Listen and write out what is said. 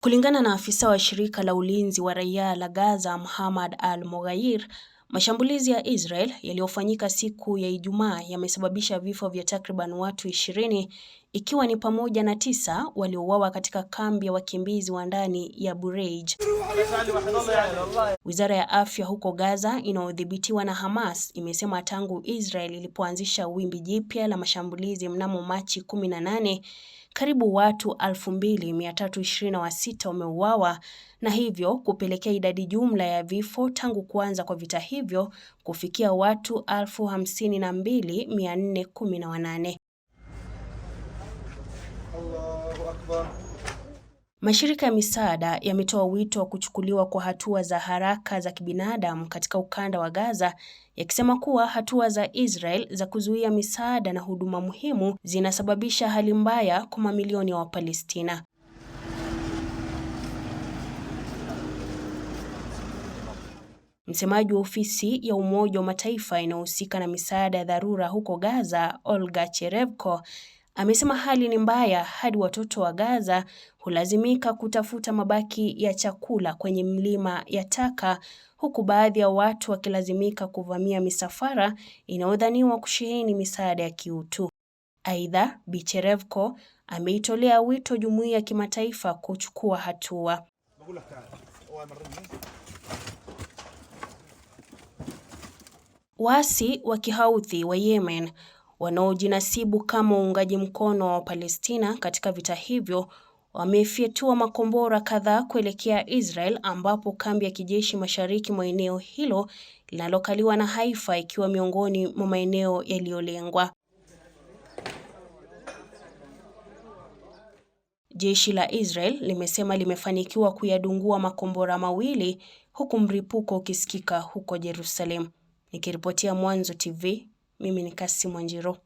Kulingana na afisa wa shirika la ulinzi wa raia la Gaza, Muhammad Al-Mughayir, mashambulizi ya Israel yaliyofanyika siku ya Ijumaa yamesababisha vifo vya takriban watu ishirini ikiwa ni pamoja na tisa waliouawa katika kambi ya wakimbizi wa ndani ya Bureij. Wizara ya afya huko Gaza inayodhibitiwa na Hamas imesema tangu Israel ilipoanzisha wimbi jipya la mashambulizi mnamo Machi 18, karibu watu 2326 wameuawa na hivyo kupelekea idadi jumla ya vifo tangu kuanza kwa vita hivyo kufikia watu 52418. Allahu Akbar. Mashirika ya misaada yametoa wito wa kuchukuliwa kwa hatua za haraka za kibinadamu katika ukanda wa Gaza, yakisema kuwa hatua za Israel za kuzuia misaada na huduma muhimu zinasababisha hali mbaya kwa mamilioni ya wa Wapalestina. Msemaji wa ofisi ya Umoja wa Mataifa inayohusika na misaada ya dharura huko Gaza, Olga Cherevko amesema hali ni mbaya hadi watoto wa Gaza hulazimika kutafuta mabaki ya chakula kwenye mlima ya taka, huku baadhi ya watu wakilazimika kuvamia misafara inayodhaniwa kusheheni misaada ya kiutu. Aidha, Bicherevko ameitolea wito jumuiya ya kimataifa kuchukua hatua. Waasi wa kihaudhi wa Yemen wanaojinasibu kama uungaji mkono wa Palestina katika vita hivyo wamefyatua makombora kadhaa kuelekea Israel ambapo kambi ya kijeshi mashariki mwa eneo hilo linalokaliwa na Haifa ikiwa miongoni mwa maeneo yaliyolengwa. Jeshi la Israel limesema limefanikiwa kuyadungua makombora mawili huku mripuko ukisikika huko Jerusalem. Nikiripotia Mwanzo TV mimi ni Kasi Njiro.